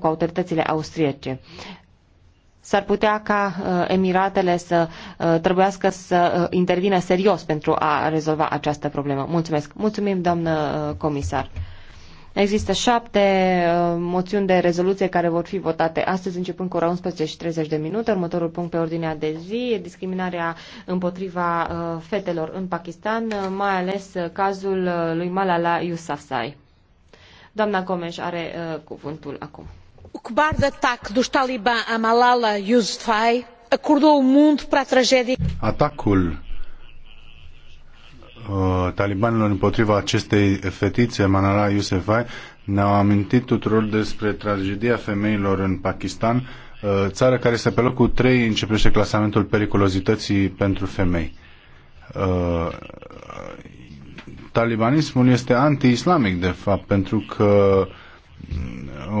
cu autoritățile austriece. S-ar putea ca uh, Emiratele să uh, trebuiască să uh, intervină serios pentru a rezolva această problemă. Mulțumesc. Mulțumim, doamnă comisar. Există șapte moțiuni de rezoluție care vor fi votate astăzi, începând cu ora 11 și 30 de minute. Următorul punct pe ordinea de zi, discriminarea împotriva fetelor în Pakistan, mai ales cazul lui Malala Yousafzai. Doamna Comeș are cuvântul acum o cobarde ataque dos talibã a malala yousafzai acordou o mundo para a tragedie. Atacul uh, talibanilor împotriva acestei fetițe, Manara Yousafzai, ne-au amintit tuturor despre tragedia femeilor în Pakistan, uh, țară care este pe locul 3 începește clasamentul periculozității pentru femei. Uh, talibanismul este anti-islamic, de fapt, pentru că uh,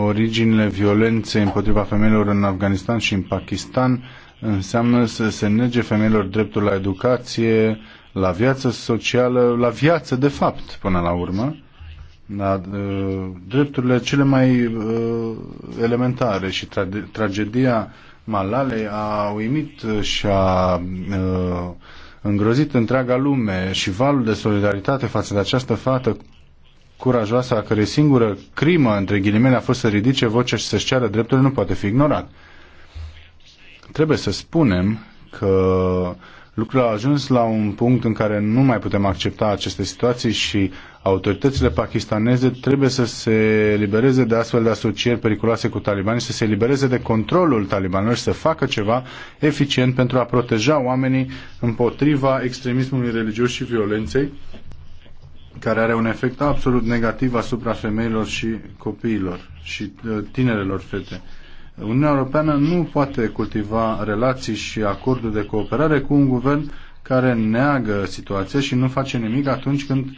originile violenței împotriva femeilor în Afganistan și în Pakistan înseamnă să se nege femeilor dreptul la educație, la viață socială, la viață de fapt până la urmă, la da, uh, drepturile cele mai uh, elementare și tra- tragedia Malalei a uimit și a uh, îngrozit întreaga lume și valul de solidaritate față de această fată curajoasă a cărei singură crimă, între ghilimele, a fost să ridice vocea și să-și ceară drepturile, nu poate fi ignorat. Trebuie să spunem că lucrurile au ajuns la un punct în care nu mai putem accepta aceste situații și autoritățile pakistaneze trebuie să se libereze de astfel de asocieri periculoase cu talibani, să se libereze de controlul talibanilor și să facă ceva eficient pentru a proteja oamenii împotriva extremismului religios și violenței care are un efect absolut negativ asupra femeilor și copiilor și ă, tinerelor fete. Uniunea Europeană nu poate cultiva relații și acorduri de cooperare cu un guvern care neagă situația și nu face nimic atunci când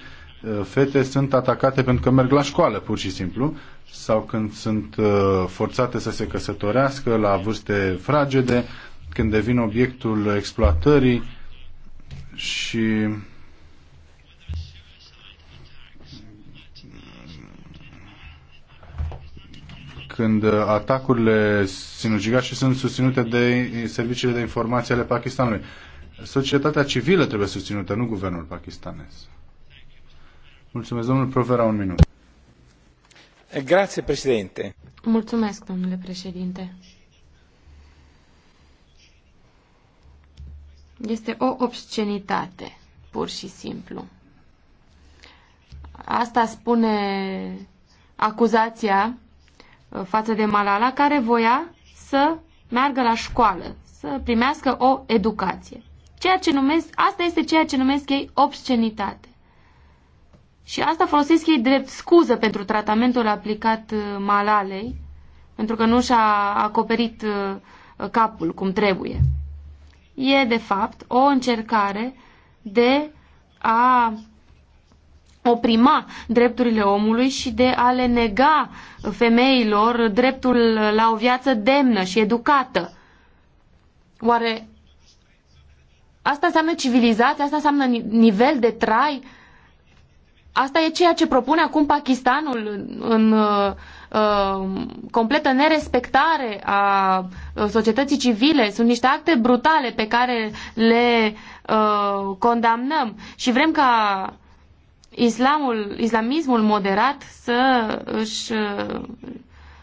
ă, fete sunt atacate pentru că merg la școală, pur și simplu, sau când sunt ă, forțate să se căsătorească la vârste fragede, când devin obiectul exploatării și când atacurile sinucigașe sunt susținute de serviciile de informație ale Pakistanului. Societatea civilă trebuie susținută, nu guvernul pakistanez. Mulțumesc, domnul Provera, un minut. Eh, Grație, președinte. Mulțumesc, domnule președinte. Este o obscenitate, pur și simplu. Asta spune acuzația Uh, față de Malala, care voia să meargă la școală, să primească o educație. Ceea ce numesc, asta este ceea ce numesc ei obscenitate. Și asta folosesc ei drept scuză pentru tratamentul aplicat uh, Malalei, pentru că nu și-a acoperit uh, capul cum trebuie. E, de fapt, o încercare de a oprima drepturile omului și de a le nega femeilor dreptul la o viață demnă și educată. Oare asta înseamnă civilizație? Asta înseamnă nivel de trai? Asta e ceea ce propune acum Pakistanul în uh, uh, completă nerespectare a uh, societății civile. Sunt niște acte brutale pe care le uh, condamnăm și vrem ca islamul, islamismul moderat să își uh,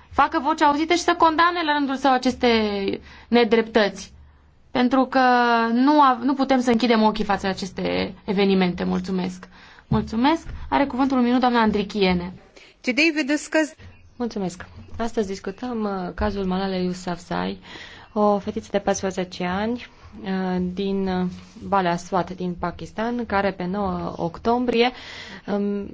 facă voce auzită și să condamne la rândul său aceste nedreptăți. Pentru că nu, nu putem să închidem ochii față de aceste evenimente. Mulțumesc. Mulțumesc. Are cuvântul un minut doamna Andrichiene. Today we discuss... Mulțumesc. Astăzi discutăm uh, cazul Malala Yousafzai, o fetiță de 14 ani uh, din Balea Swat din Pakistan, care pe 9 octombrie um,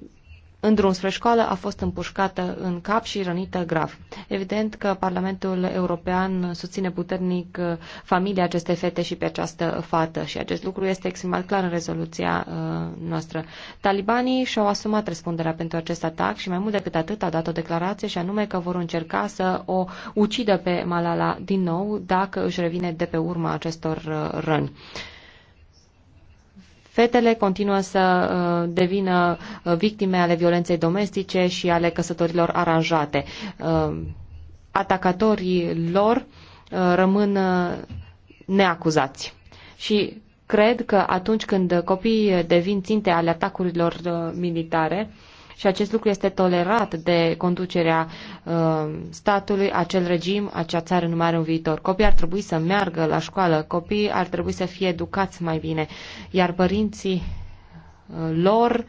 în drum spre școală a fost împușcată în cap și rănită grav. Evident că Parlamentul European susține puternic uh, familia acestei fete și pe această fată și acest lucru este exprimat clar în rezoluția uh, noastră. Talibanii și-au asumat răspunderea pentru acest atac și mai mult decât atât au dat o declarație și anume că vor încerca să o ucidă pe Malala din nou dacă își revine de pe urma acestor uh, răni. Fetele continuă să uh, devină uh, victime ale violenței domestice și ale căsătorilor aranjate. Uh, atacatorii lor rămân neacuzați. Și cred că atunci când copiii devin ținte ale atacurilor militare, și acest lucru este tolerat de conducerea uh, statului, acel regim, acea țară nu mai are un viitor. Copiii ar trebui să meargă la școală, copiii ar trebui să fie educați mai bine, iar părinții uh, lor,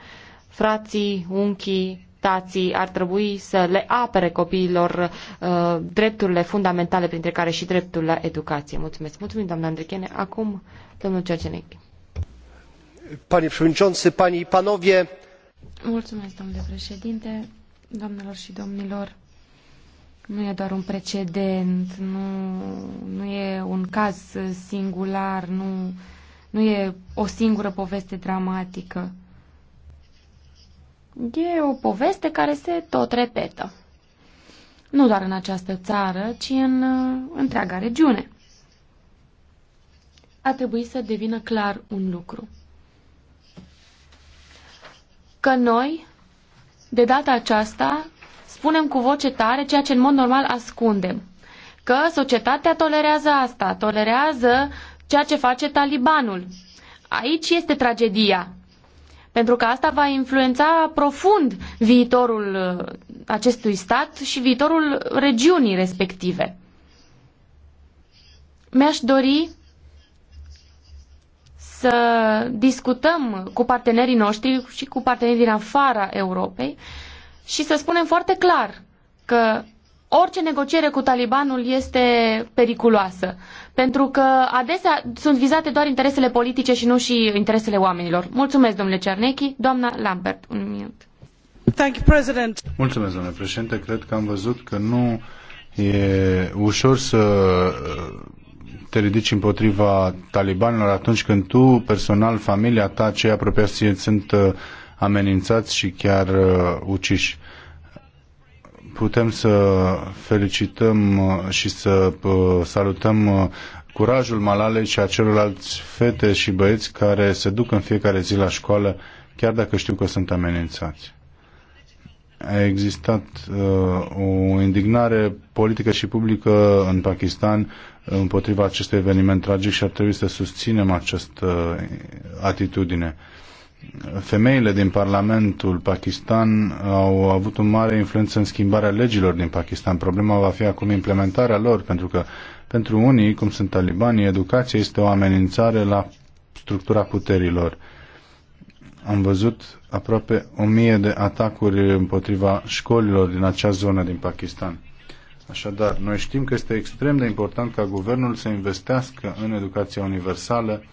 frații, unchii, tații ar trebui să le apere copiilor uh, drepturile fundamentale, printre care și dreptul la educație. Mulțumesc. Mulțumim, doamna Andrichene. Acum, domnul Cercenec. Panie Panie i panowie, Mulțumesc, domnule președinte, doamnelor și domnilor. Nu e doar un precedent, nu, nu e un caz singular, nu, nu e o singură poveste dramatică. E o poveste care se tot repetă. Nu doar în această țară, ci în uh, întreaga regiune. A trebuit să devină clar un lucru că noi, de data aceasta, spunem cu voce tare ceea ce în mod normal ascundem. Că societatea tolerează asta, tolerează ceea ce face talibanul. Aici este tragedia. Pentru că asta va influența profund viitorul uh, acestui stat și viitorul regiunii respective. Mi-aș dori să discutăm cu partenerii noștri și cu partenerii din afara Europei și să spunem foarte clar că orice negociere cu talibanul este periculoasă, pentru că adesea sunt vizate doar interesele politice și nu și interesele oamenilor. Mulțumesc, domnule Cernechi. Doamna Lambert, un minut. Thank you, President. Mulțumesc, domnule președinte. Cred că am văzut că nu e ușor să te ridici împotriva talibanilor atunci când tu, personal, familia ta, cei apropiați sunt uh, amenințați și chiar uh, uciși. Putem să felicităm uh, și să salutăm curajul Malalei și a celorlalți fete și băieți care se duc în fiecare zi la școală, chiar dacă știu că sunt amenințați a existat uh, o indignare politică și publică în Pakistan împotriva acestui eveniment tragic și ar trebui să susținem această atitudine. Femeile din Parlamentul Pakistan au avut o mare influență în schimbarea legilor din Pakistan. Problema va fi acum implementarea lor, pentru că pentru unii, cum sunt talibanii, educația este o amenințare la structura puterilor. Uh, am văzut aproape o mie de atacuri împotriva școlilor din acea zonă din Pakistan. Așadar, noi știm că este extrem de important ca guvernul să investească în educația universală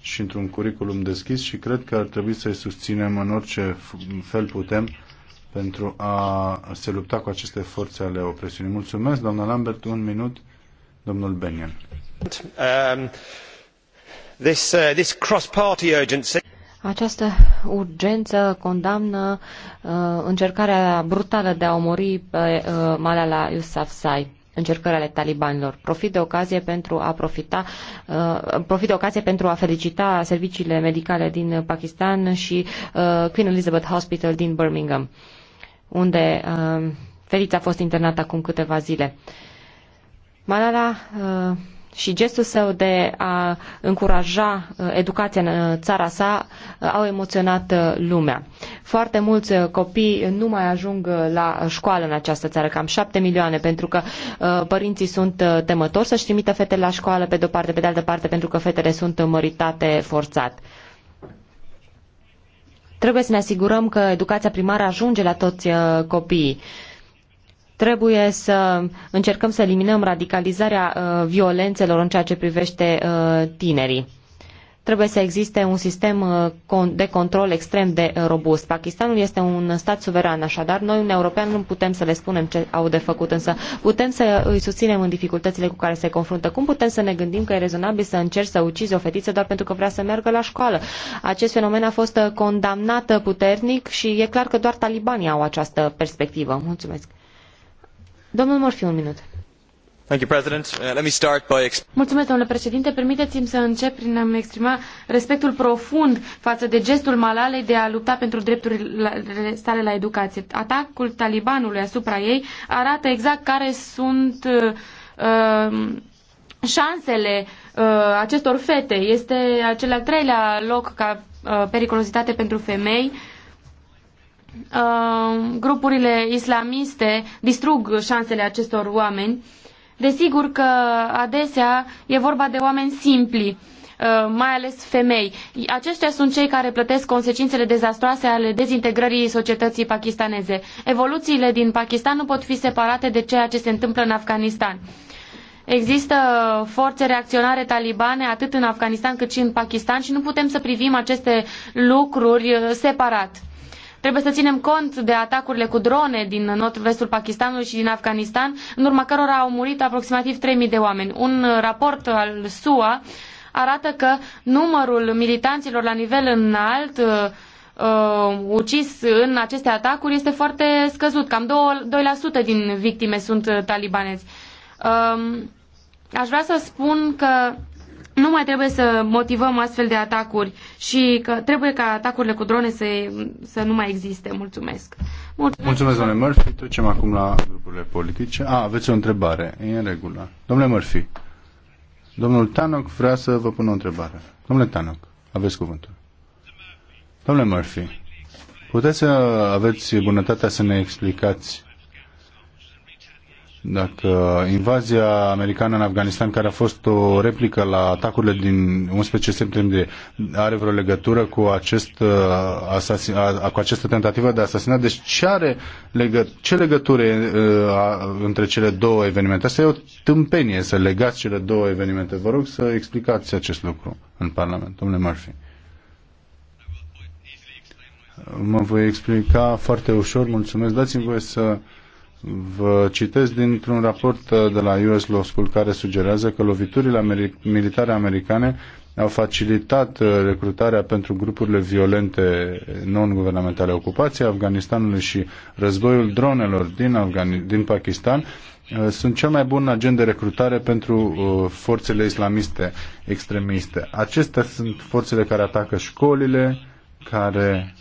și într-un curriculum deschis și cred că ar trebui să-i susținem în orice fel putem pentru a se lupta cu aceste forțe ale opresiunii. Mulțumesc, doamna Lambert, un minut, domnul Benian. Um, this, uh, this cross-party urgency... Această urgență condamnă uh, încercarea brutală de a omori pe uh, Malala Yousafzai încercarea ale talibanilor. Profit de ocazie pentru a profita, uh, profit de ocazie pentru a felicita serviciile medicale din Pakistan și uh, Queen Elizabeth Hospital din Birmingham, unde uh, Ferița a fost internată acum câteva zile. Malala uh, și gestul său de a încuraja uh, educația în uh, țara sa uh, au emoționat lumea. Foarte mulți copii nu mai ajung la școală în această țară, cam șapte milioane, pentru că părinții sunt temători să-și trimită fetele la școală pe de-o parte, pe de altă parte, pentru că fetele sunt măritate forțat. Trebuie să ne asigurăm că educația primară ajunge la toți copiii. Trebuie să încercăm să eliminăm radicalizarea uh, violențelor în ceea ce privește uh, tinerii trebuie să existe un sistem uh, de control extrem de robust. Pakistanul este un stat suveran, așadar noi, Uniunea Europeană, nu putem să le spunem ce au de făcut, însă putem să îi susținem în dificultățile cu care se confruntă. Cum putem să ne gândim că e rezonabil să încerci să ucizi o fetiță doar pentru că vrea să meargă la școală? Acest fenomen a fost condamnat puternic și e clar că doar talibanii au această perspectivă. Mulțumesc! Domnul Morfi, un minut. Uh, Mulțumesc, domnule președinte. Permiteți-mi să încep prin a-mi exprima respectul profund față de gestul Malalei de a lupta pentru drepturile sale la educație. Atacul talibanului asupra ei arată exact care sunt uh, șansele uh, acestor fete. Este acel al treilea loc ca uh, periculozitate pentru femei. Uh, Uh, grupurile islamiste distrug șansele acestor oameni. Desigur că adesea e vorba de oameni simpli, uh, mai ales femei. Aceștia sunt cei care plătesc consecințele dezastroase ale dezintegrării societății pakistaneze. Evoluțiile din Pakistan nu pot fi separate de ceea ce se întâmplă în Afganistan. Există forțe reacționare talibane atât în Afganistan cât și în Pakistan și nu putem să privim aceste lucruri uh, separat. Trebuie să ținem cont de atacurile cu drone din nord-vestul Pakistanului și din Afganistan, în urma cărora au murit aproximativ 3.000 de oameni. Un raport al SUA arată că numărul militanților la nivel înalt uh, uh, ucis în aceste atacuri este foarte scăzut. Cam 2%, din victime sunt talibanezi. Uh, aș vrea să spun că nu mai trebuie să motivăm astfel de atacuri și că trebuie ca atacurile cu drone să, să nu mai existe. Mulțumesc. Mulțumesc, Mulțumesc domnule Murphy. Trecem acum la grupurile politice. A, aveți o întrebare. E în regulă. Domnule Murphy, domnul Tanoc vrea să vă pună o întrebare. Domnule Tanoc, aveți cuvântul. Domnule Murphy, puteți să aveți bunătatea să ne explicați dacă invazia americană în Afganistan, care a fost o replică la atacurile din 11 septembrie, are vreo legătură cu, acest, uh, asasin, cu această tentativă de asasinat, deci ce, are legă, ce legătură uh, între cele două evenimente? Asta e o tâmpenie să legați cele două evenimente. Vă rog să explicați acest lucru în Parlament, domnule Murphy. Mă voi explica foarte ușor, mulțumesc. Dați-mi voie să Vă citesc dintr-un raport uh, de la US Law School care sugerează că loviturile americ- militare americane au facilitat uh, recrutarea pentru grupurile violente non-guvernamentale, ocupației Afganistanului și războiul dronelor din, Afgan- din Pakistan uh, sunt cel mai bun agent de recrutare pentru forțele islamiste extremiste. Acestea sunt forțele care atacă școlile, care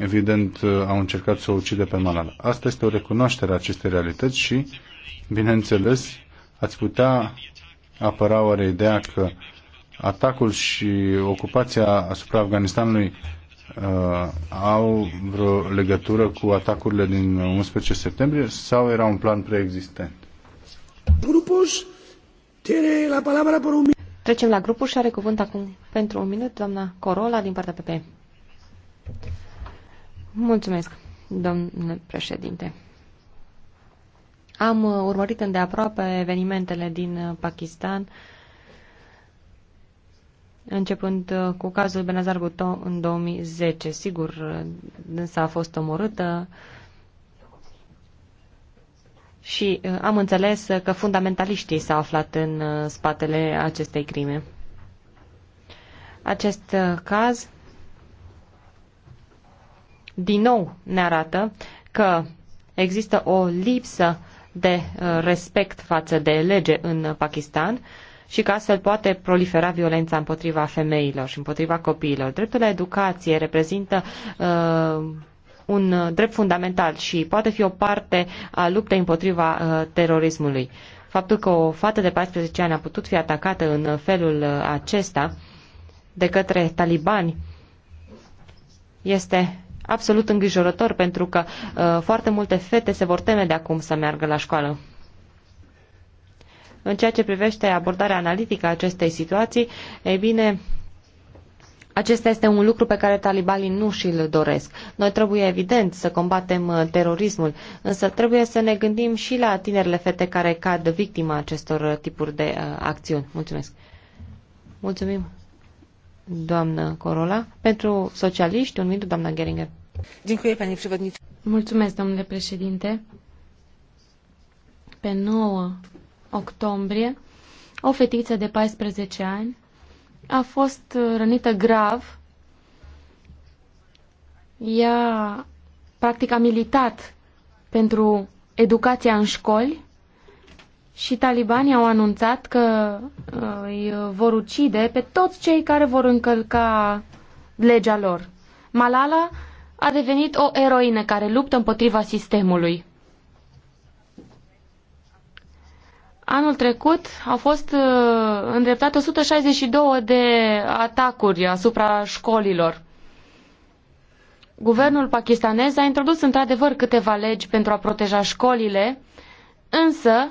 evident, uh, au încercat să o ucide pe Malala. Asta este o recunoaștere a acestei realități și, bineînțeles, ați putea apăra oare ideea că atacul și ocupația asupra Afganistanului uh, au vreo legătură cu atacurile din 11 septembrie sau era un plan preexistent? Grupos la palabra por un Trecem la grupul și are cuvânt acum pentru un minut doamna Corola din partea PP. Mulțumesc, domnule președinte. Am uh, urmărit îndeaproape evenimentele din uh, Pakistan, începând uh, cu cazul Benazar Bhutto în 2010. Sigur, însă a fost omorâtă și am înțeles că fundamentaliștii s-au aflat în spatele acestei crime. Acest caz din nou ne arată că există o lipsă de uh, respect față de lege în Pakistan și că astfel poate prolifera violența împotriva femeilor și împotriva copiilor. Dreptul la educație reprezintă uh, un drept fundamental și poate fi o parte a luptei împotriva uh, terorismului. Faptul că o fată de 14 ani a putut fi atacată în felul uh, acesta de către talibani este absolut îngrijorător pentru că uh, foarte multe fete se vor teme de acum să meargă la școală. În ceea ce privește abordarea analitică a acestei situații, ei bine, acesta este un lucru pe care talibanii nu și-l doresc. Noi trebuie, evident, să combatem uh, terorismul, însă trebuie să ne gândim și la tinerile fete care cad victima acestor tipuri de uh, acțiuni. Mulțumesc! Mulțumim! doamnă Corola. Pentru socialiști, un minut, doamna Geringer. Mulțumesc, domnule președinte. Pe 9 octombrie, o fetiță de 14 ani a fost rănită grav. Ea, practic, a militat pentru educația în școli și talibanii au anunțat că uh, îi vor ucide pe toți cei care vor încălca legea lor. Malala a devenit o eroină care luptă împotriva sistemului. Anul trecut au fost uh, îndreptate 162 de atacuri asupra școlilor. Guvernul pakistanez a introdus într-adevăr câteva legi pentru a proteja școlile, însă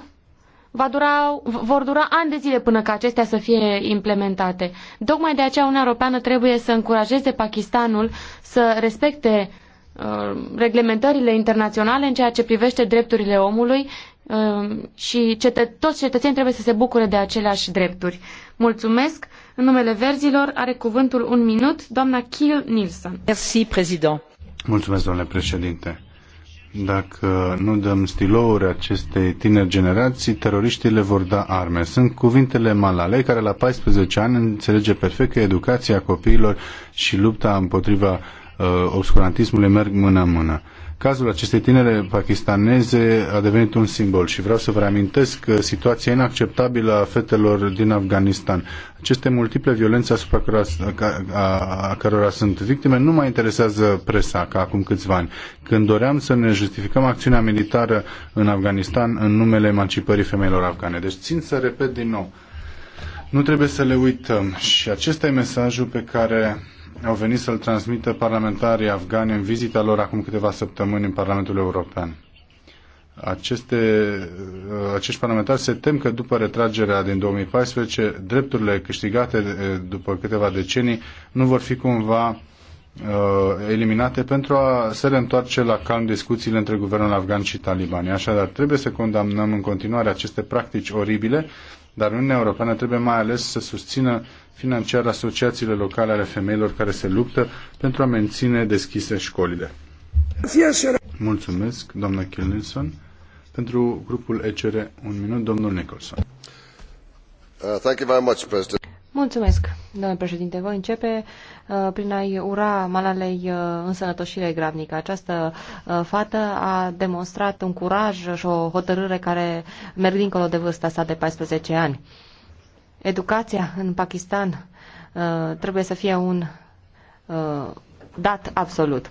va dura, vor dura ani de zile până ca acestea să fie implementate. Tocmai de aceea Uniunea Europeană trebuie să încurajeze Pakistanul să respecte uh, reglementările internaționale în ceea ce privește drepturile omului uh, și cetă- toți cetățenii trebuie să se bucure de aceleași drepturi. Mulțumesc. În numele verzilor are cuvântul un minut doamna Kiel Nilsson. Mulțumesc, domnule președinte. Dacă nu dăm stilouri acestei tineri generații, teroriștii le vor da arme. Sunt cuvintele Malale, care la 14 ani înțelege perfect că educația copiilor și lupta împotriva uh, obscurantismului merg mână-mână. Cazul acestei tinere pakistaneze a devenit un simbol și vreau să vă reamintesc situația inacceptabilă a fetelor din Afganistan. Aceste multiple violențe asupra cărora, a, cărora sunt victime nu mai interesează presa ca acum câțiva ani. Când doream să ne justificăm acțiunea militară în Afganistan în numele emancipării femeilor afgane. Deci țin să repet din nou. Nu trebuie să le uităm și acesta e mesajul pe care au venit să-l transmită parlamentarii afgani în vizita lor acum câteva săptămâni în Parlamentul European. Aceste, uh, acești parlamentari se tem că după retragerea din 2014, drepturile câștigate uh, după câteva decenii nu vor fi cumva uh, eliminate pentru a se reîntoarce la calm discuțiile între guvernul afgan și talibani. Așadar, trebuie să condamnăm în continuare aceste practici oribile dar Uniunea Europeană trebuie mai ales să susțină financiar asociațiile locale ale femeilor care se luptă pentru a menține deschise școlile. Mulțumesc, doamna Kilnilson. Pentru grupul ECR, un minut, domnul Nicholson. Uh, thank you very much, President. Mulțumesc, domnule președinte. Voi începe uh, prin a-i ura Malalei uh, însănătoșire gravnică. Această uh, fată a demonstrat un curaj și o hotărâre care merg dincolo de vârsta sa de 14 ani. Educația în Pakistan uh, trebuie să fie un uh, dat absolut.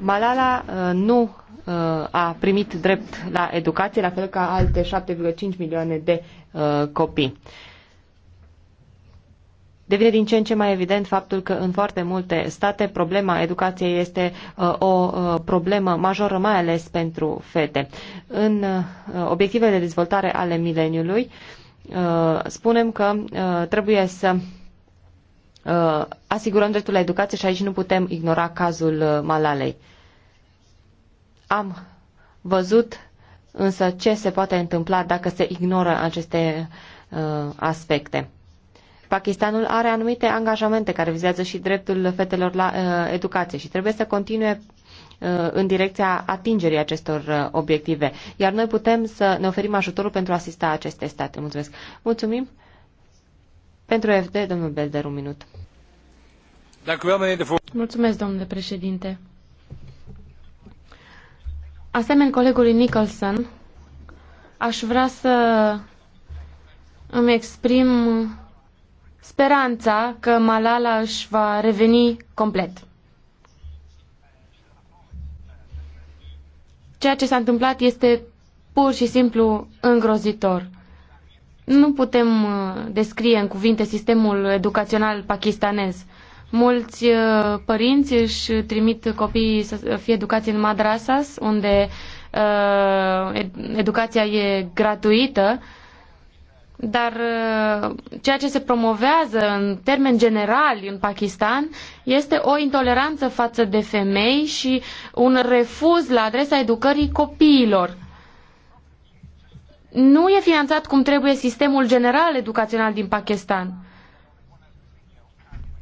Malala uh, nu uh, a primit drept la educație, la fel ca alte 7,5 milioane de uh, copii. Devine din ce în ce mai evident faptul că în foarte multe state problema educației este uh, o uh, problemă majoră, mai ales pentru fete. În uh, obiectivele de dezvoltare ale mileniului uh, spunem că uh, trebuie să uh, Uh, asigurăm dreptul la educație și aici nu putem ignora cazul uh, Malalei. Am văzut însă ce se poate întâmpla dacă se ignoră aceste uh, aspecte. Pakistanul are anumite angajamente care vizează și dreptul fetelor la uh, educație și trebuie să continue uh, în direcția atingerii acestor obiective. Iar noi putem să ne oferim ajutorul pentru a asista aceste state. Mulțumesc. Mulțumim. Pentru FD, domnul Belder, un minut. Mulțumesc, domnule președinte. Asemenea colegului Nicholson, aș vrea să îmi exprim speranța că Malala își va reveni complet. Ceea ce s-a întâmplat este pur și simplu îngrozitor. Nu putem uh, descrie în cuvinte sistemul educațional pakistanez. Mulți uh, părinți își trimit copiii să fie educați în madrasas, unde uh, educația e gratuită, dar ceea ce se promovează în termen general în Pakistan este o intoleranță față de femei și un refuz la adresa educării copiilor nu e finanțat cum trebuie sistemul general educațional din Pakistan.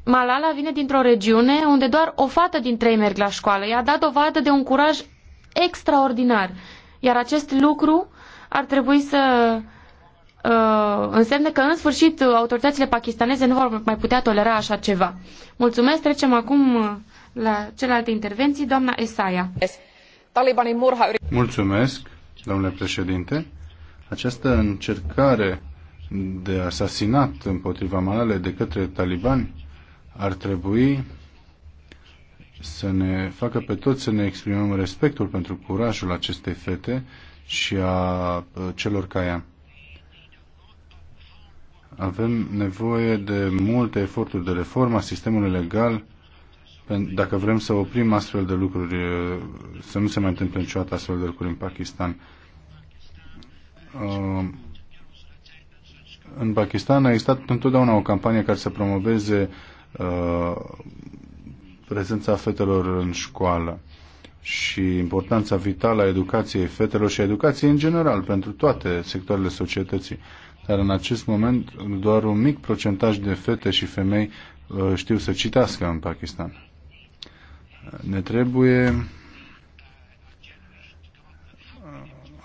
Malala vine dintr-o regiune unde doar o fată din trei merg la școală. I-a dat dovadă de un curaj extraordinar. Iar acest lucru ar trebui să uh, însemne că, în sfârșit, autoritățile pakistaneze nu vor mai putea tolera așa ceva. Mulțumesc. Trecem acum uh, la celelalte intervenții. Doamna Esaia. Mulțumesc, domnule președinte. Această încercare de asasinat împotriva Malale de către talibani ar trebui să ne facă pe toți să ne exprimăm respectul pentru curajul acestei fete și a celor ca ea. Avem nevoie de multe eforturi de reformă a sistemului legal dacă vrem să oprim astfel de lucruri, să nu se mai întâmple niciodată astfel de lucruri în Pakistan. Uh, în Pakistan a existat întotdeauna o campanie care să promoveze uh, prezența fetelor în școală și importanța vitală a educației fetelor și a educației în general pentru toate sectoarele societății. Dar în acest moment doar un mic procentaj de fete și femei uh, știu să citească în Pakistan. Ne trebuie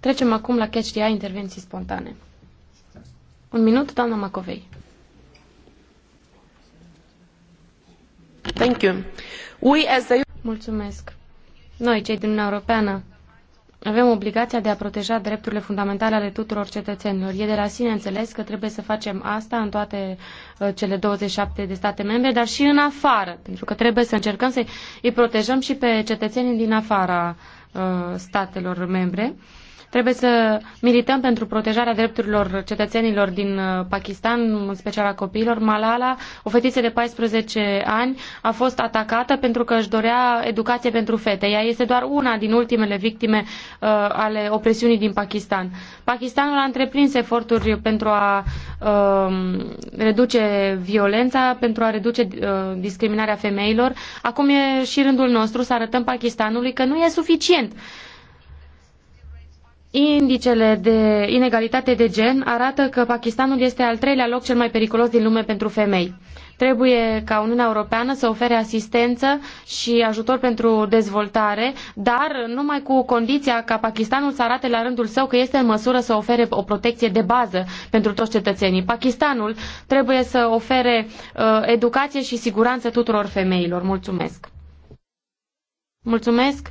Trecem acum la catch the eye, intervenții spontane. Un minut, doamna Macovei. Thank you. We as the... Mulțumesc. Noi, cei din Uniunea Europeană, avem obligația de a proteja drepturile fundamentale ale tuturor cetățenilor. E de la sine înțeles că trebuie să facem asta în toate uh, cele 27 de state membre, dar și în afară, pentru că trebuie să încercăm să îi protejăm și pe cetățenii din afara uh, statelor membre. Uh, Trebuie să milităm pentru protejarea drepturilor cetățenilor din uh, Pakistan, în special a copiilor. Malala, o fetiță de 14 ani, a fost atacată pentru că își dorea educație pentru fete. Ea este doar una din ultimele victime uh, ale opresiunii din Pakistan. Pakistanul a întreprins eforturi pentru a uh, reduce violența, pentru a reduce uh, discriminarea femeilor. Acum e și rândul nostru să arătăm Pakistanului că nu e suficient. Uh, Indicele de inegalitate de gen arată că Pakistanul este al treilea loc cel mai periculos din lume pentru femei. Trebuie ca Uniunea Europeană să ofere asistență și ajutor pentru dezvoltare, dar numai cu condiția ca Pakistanul să arate la rândul său că este în măsură să ofere o protecție de bază pentru toți cetățenii. Pakistanul trebuie să ofere uh, educație și siguranță tuturor femeilor. Mulțumesc! Mulțumesc!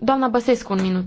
Doamna Băsescu, un minut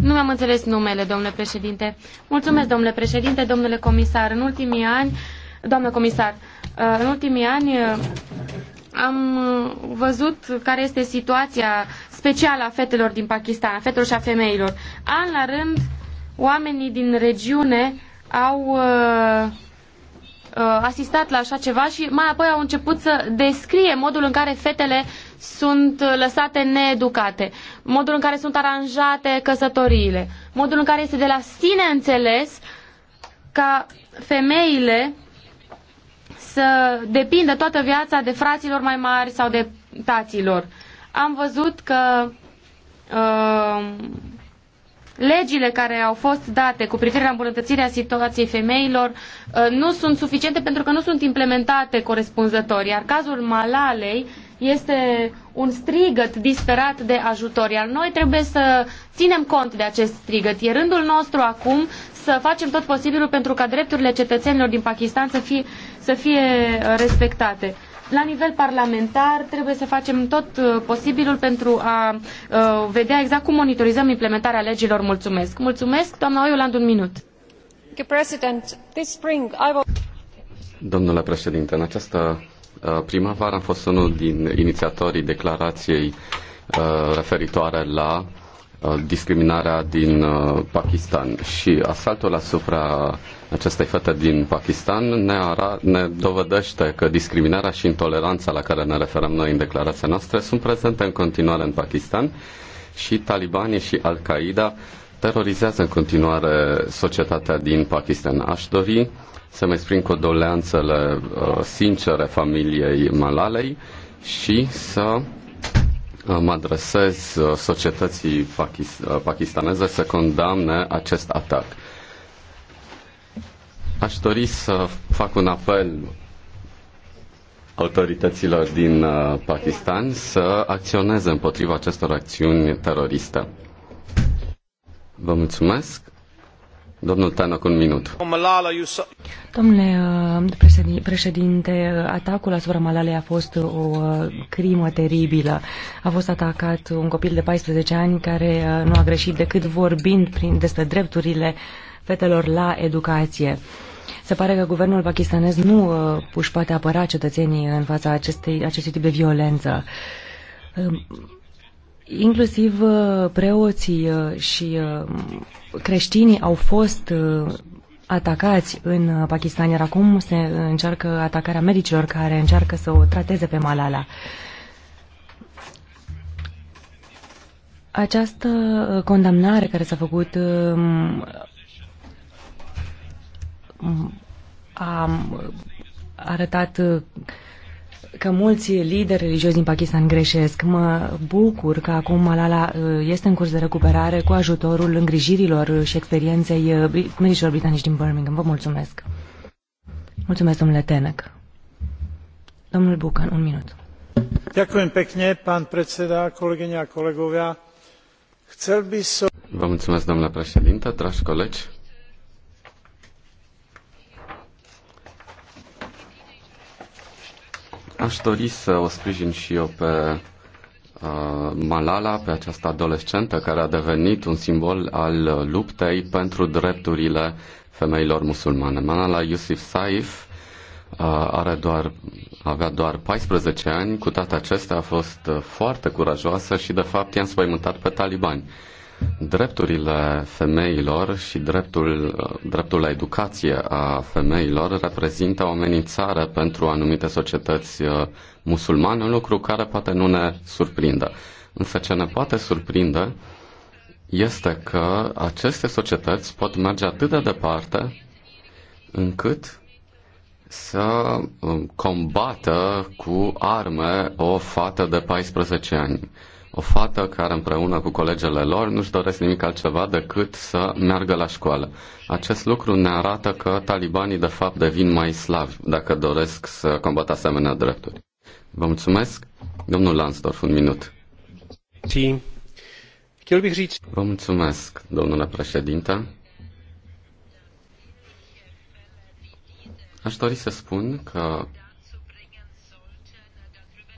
Nu mi-am înțeles numele, domnule președinte. Mulțumesc, domnule președinte, domnule comisar. În ultimii ani, doamnă comisar, uh, în ultimii ani uh, am uh, văzut care este situația specială a fetelor din Pakistan, a fetelor și a femeilor. An la rând, oamenii din regiune au asistat la așa ceva și mai apoi au început să descrie modul în care fetele sunt uh, lăsate needucate, modul în care sunt aranjate căsătoriile, modul în care este de la sine înțeles ca femeile să depindă toată viața de fraților mai mari sau de taților. Am văzut că uh, legile care au fost date cu privire la îmbunătățirea situației femeilor uh, nu sunt suficiente pentru că nu sunt implementate corespunzător, iar cazul Malalei uh, este un strigăt disperat de ajutor, iar noi trebuie să ținem cont de acest strigăt. E rândul nostru acum să facem tot posibilul pentru ca drepturile cetățenilor din Pakistan să fie, să fie uh, respectate. La nivel parlamentar trebuie să facem tot uh, posibilul pentru a uh, vedea exact cum monitorizăm implementarea legilor. Mulțumesc. Mulțumesc, doamna Oiuland, un minut. Domnule președinte, în această Uh, primăvară am fost unul din inițiatorii declarației uh, referitoare la uh, discriminarea din Pakistan și asaltul asupra acestei fete din Pakistan ne, ara, ne dovedește că discriminarea și intoleranța la care ne referăm noi în declarația noastră sunt prezente în continuare în Pakistan și talibanii și Al-Qaeda terorizează în continuare societatea din Pakistan. Aș dori să-mi exprim condoleanțele uh, sincere familiei Malalei și să uh, mă adresez uh, societății pakistaneze să condamne acest atac. Aș dori să fac un apel autorităților din Pakistan să acționeze împotriva acestor acțiuni teroriste. Vă mulțumesc. Domnul Tanac, un minut. Domnule uh, președinte, atacul asupra Malalei a fost o uh, crimă teribilă. A fost atacat un copil de 14 ani care uh, nu a greșit decât vorbind prin, despre drepturile fetelor la educație. Se pare că guvernul pakistanez nu își poate apăra cetățenii în fața acestei, acestui tip de violență. Um, Inclusiv uh, preoții uh, și uh, creștinii au fost atacați în Pakistan, iar acum se încearcă atacarea medicilor care încearcă să o trateze pe Malala. Această condamnare care s-a făcut um, a arătat că mulți lideri religioși din Pakistan greșesc. Mă bucur că acum Malala uh, este în curs de recuperare cu ajutorul îngrijirilor și experienței uh, medicilor britanici din Birmingham. Vă mulțumesc. Mulțumesc, domnule Tenek. Domnul Bucan, un minut. Ďakujem pekne, pán predseda, kolegyne a kolegovia. Chcel by som... Vă mulțumesc, domnule președinte, dragi colegi. Aș dori să o sprijin și eu pe uh, Malala, pe această adolescentă care a devenit un simbol al luptei pentru drepturile femeilor musulmane. Malala Yusuf Saif uh, are doar, avea doar 14 ani, cu toate acestea a fost uh, foarte curajoasă și de fapt i-a înspăimântat pe talibani. Drepturile femeilor și dreptul, dreptul la educație a femeilor reprezintă o amenințare pentru anumite societăți uh, musulmane, un lucru care poate nu ne surprinde. Însă ce ne poate surprinde este că aceste societăți pot merge atât de departe încât să um, combată cu arme o fată de 14 ani o fată care împreună cu colegele lor nu-și doresc nimic altceva decât să meargă la școală. Acest lucru ne arată că talibanii de fapt devin mai slavi dacă doresc să combată asemenea drepturi. Vă mulțumesc. Domnul Lansdorf, un minut. Vă mulțumesc, domnule președinte. Aș dori să spun că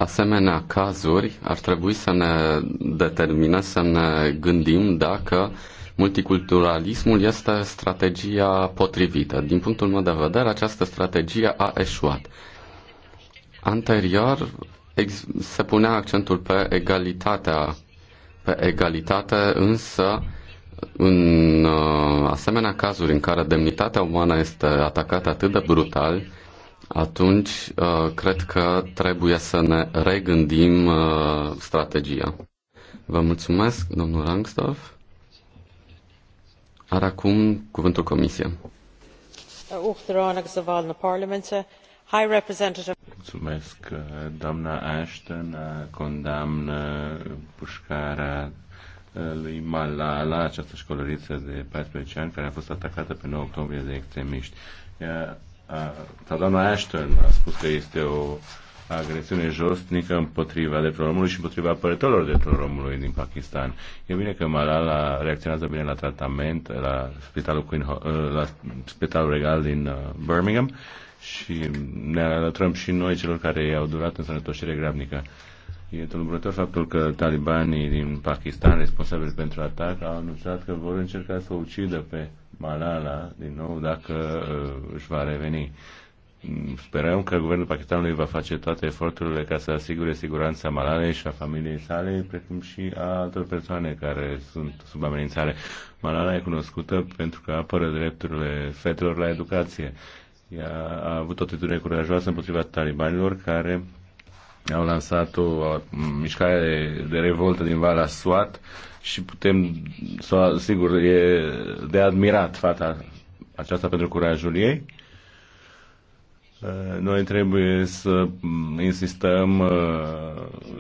asemenea cazuri ar trebui să ne determine să ne gândim dacă multiculturalismul este strategia potrivită. Din punctul meu de vedere, această strategie a eșuat. Anterior se punea accentul pe egalitatea, pe egalitate, însă în uh, asemenea cazuri în care demnitatea umană este atacată atât de brutal, atunci uh, cred că trebuie să ne regândim uh, strategia. Vă mulțumesc, domnul Rangstorf. Are acum cuvântul comisie. Mulțumesc, uh, doamna Ashton condamnă pușcarea lui Malala, această școlăriță de 14 ani care a fost atacată pe 9 octombrie de extremiști. Ea a, doamna Ashton a spus că este o agresiune josnică împotriva drepturilor omului și împotriva apărătorilor drepturilor omului din Pakistan. E bine că Malala reacționează bine la tratament la spitalul, Queen, uh, la spitalul regal din uh, Birmingham și ne alăturăm și noi celor care i-au durat în sănătoșire grabnică. E tulburător faptul că talibanii din Pakistan, responsabili pentru atac, au anunțat că vor încerca să o ucidă pe Malala din nou dacă uh, își va reveni. Sperăm că guvernul Pakistanului va face toate eforturile ca să asigure siguranța Malalei și a familiei sale, precum și a altor persoane care sunt sub amenințare. Malala e cunoscută pentru că apără drepturile fetelor la educație. Ea a avut o atitudine curajoasă împotriva talibanilor care au lansat o mișcare de revoltă din vala Suat și putem, sigur, e de admirat fata aceasta pentru curajul ei. Noi trebuie să insistăm uh,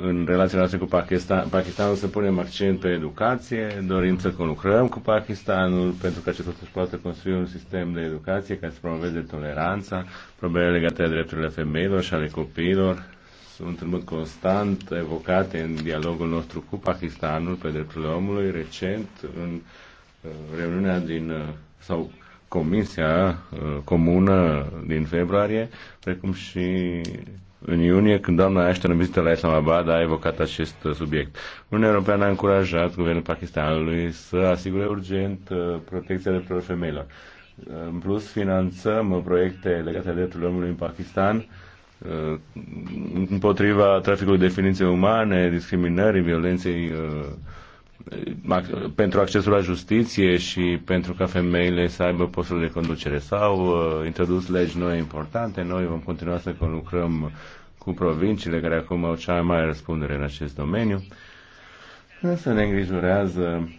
în relația noastră cu Pakistan, Pakistanul să punem accent pe educație, dorim să conlucrăm cu Pakistanul pentru că acesta să-și poată construi un sistem de educație care să promoveze toleranța, problemele legate de drepturile femeilor și ale copiilor, sunt în mod constant evocate în dialogul nostru cu Pakistanul pe drepturile omului. Recent, în uh, reuniunea din, uh, sau Comisia uh, Comună din februarie, precum și în iunie, când doamna Ashton în vizită la Islamabad a evocat acest subiect. Uniunea Europeană a încurajat guvernul Pakistanului să asigure urgent protecția drepturilor femeilor. În plus, finanțăm proiecte legate de drepturile omului în Pakistan, Uh, împotriva traficului de ființe umane, discriminării, violenței uh, pentru accesul la justiție și pentru ca femeile să aibă postul de conducere. S-au uh, introdus legi noi importante, noi vom continua să lucrăm cu provinciile care acum au cea mai mare răspundere în acest domeniu. Însă ne îngrijorează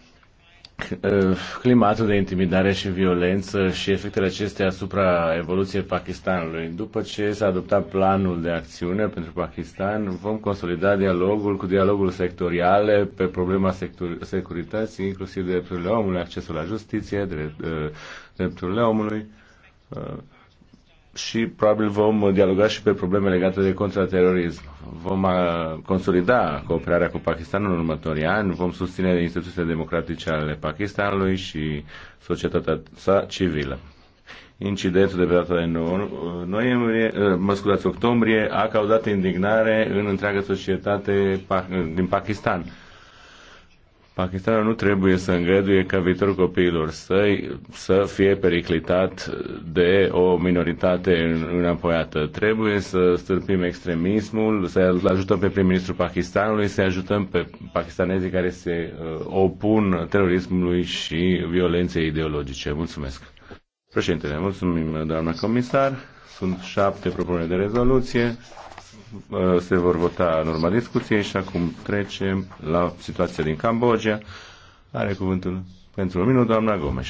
Eh, climatul de intimidare și violență și efectele acestea asupra evoluției Pakistanului. După ce s-a adoptat planul de acțiune pentru Pakistan, vom consolida dialogul cu dialogul sectoriale pe problema securității, inclusiv drepturile omului, accesul la justiție, drept, eh, drepturile omului eh, și probabil vom dialoga și pe probleme legate de contraterorism. Vom uh, consolida cooperarea cu Pakistanul în următorii ani, vom susține instituțiile democratice ale Pakistanului și societatea sa civilă. Incidentul de pe data de 9 noiembrie, uh, mă scuzați, octombrie, a cauzat indignare în întreaga societate din Pakistan Pakistanul nu trebuie să îngăduie ca viitorul copiilor săi să fie periclitat de o minoritate înapoiată. Trebuie să stârpim extremismul, să ajutăm pe prim-ministrul Pakistanului, să ajutăm pe pakistanezii care se uh, opun terorismului și violenței ideologice. Mulțumesc. Președintele, mulțumim, doamna comisar. Sunt șapte propuneri de rezoluție. Uh, se vor vota în urma discuției și acum trecem la situația din Cambodgia. Are cuvântul pentru un minut doamna Gomes.